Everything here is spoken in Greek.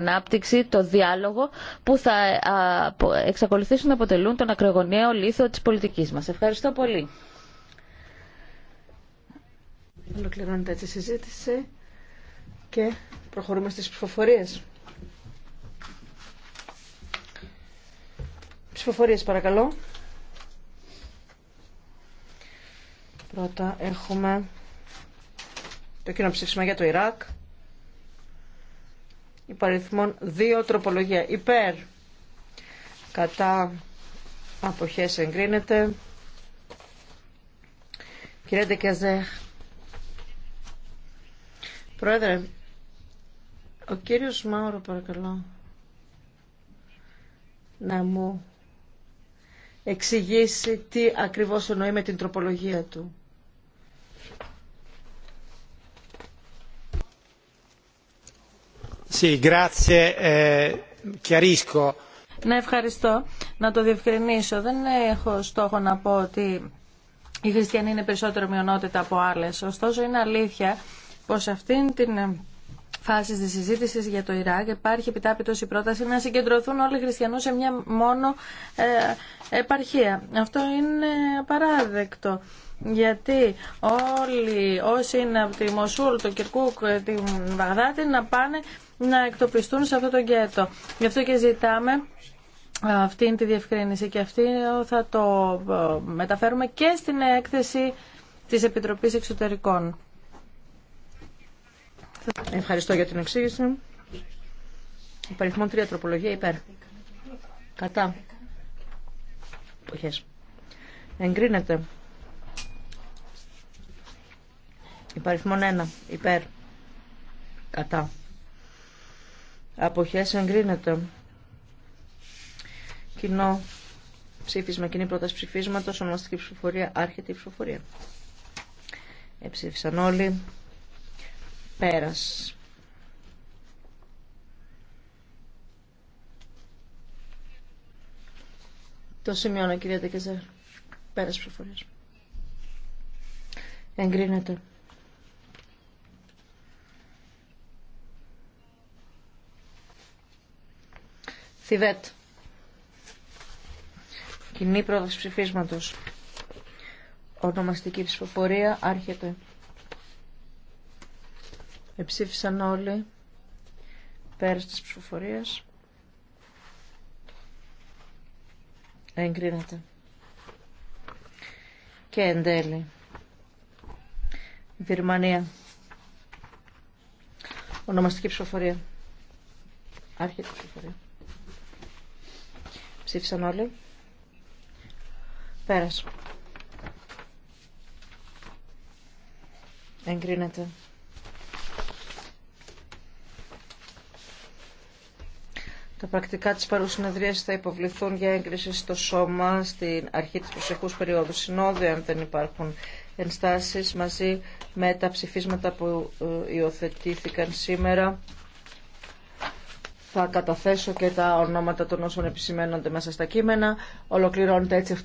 ανάπτυξη, το διάλογο που θα εξακολουθήσουν να αποτελούν τον ακρογωνιαίο λίθο της πολιτικής μας. Ευχαριστώ πολύ. Ολοκληρώνεται έτσι η συζήτηση και προχωρούμε στις ψηφοφορίες. Ψηφοφορίες παρακαλώ. Πρώτα έχουμε το κοινό ψήφισμα για το Ιράκ υπαριθμών δύο τροπολογία υπέρ κατά αποχές εγκρίνεται κύριε Ντεκιαζέ Πρόεδρε ο κύριος Μάουρο παρακαλώ να μου εξηγήσει τι ακριβώς εννοεί με την τροπολογία του. Eh, ναι, ευχαριστώ. Να το διευκρινίσω. Δεν έχω στόχο να πω ότι οι χριστιανοί είναι περισσότερο μειονότητα από άλλες. Ωστόσο, είναι αλήθεια πως αυτήν την φάσεις της συζήτηση για το Ιράκ υπάρχει επιτάπητο η πρόταση να συγκεντρωθούν όλοι οι χριστιανοί σε μια μόνο ε, επαρχία. Αυτό είναι παράδεκτο. Γιατί όλοι όσοι είναι από τη Μοσούλ, το Κυρκούκ, ε, την Βαγδάτη να πάνε να εκτοπιστούν σε αυτό το γκέτο. Γι' αυτό και ζητάμε αυτή τη διευκρίνηση και αυτή θα το ε, μεταφέρουμε και στην έκθεση της Επιτροπής Εξωτερικών. Ευχαριστώ για την εξήγηση. Υπαριθμόν 3 τροπολογία υπέρ. Κατά. Εποχές. Εγκρίνεται. Υπαριθμόν 1 υπέρ. Κατά. Αποχές εγκρίνεται. Κοινό ψήφισμα, κοινή πρόταση ψηφίσματος, ονομαστική ψηφοφορία, άρχεται η ψηφοφορία. Εψήφισαν όλοι. Πέρας. Το σημειώνω κυρία Τεκεζέρ. Πέρας προφορίας. Εγκρίνεται. Θιβέτ. Κοινή πρόταση ψηφίσματος. Ονομαστική ψηφοφορία άρχεται. Εψήφισαν όλοι πέρας της ψηφοφορία. Εγκρίνεται. Και εν τέλει. Βυρμανία. Ονομαστική ψηφοφορία. Άρχεται ψηφοφορία. Ψήφισαν όλοι. Πέρασε. Εγκρίνεται. Τα πρακτικά της παρουσυνεδρίας θα υποβληθούν για έγκριση στο σώμα στην αρχή της προσεχούς περίοδου συνόδου, αν δεν υπάρχουν ενστάσεις, μαζί με τα ψηφίσματα που ε, υιοθετήθηκαν σήμερα. Θα καταθέσω και τα ονόματα των όσων επισημένονται μέσα στα κείμενα. Ολοκληρώνεται έτσι αυτή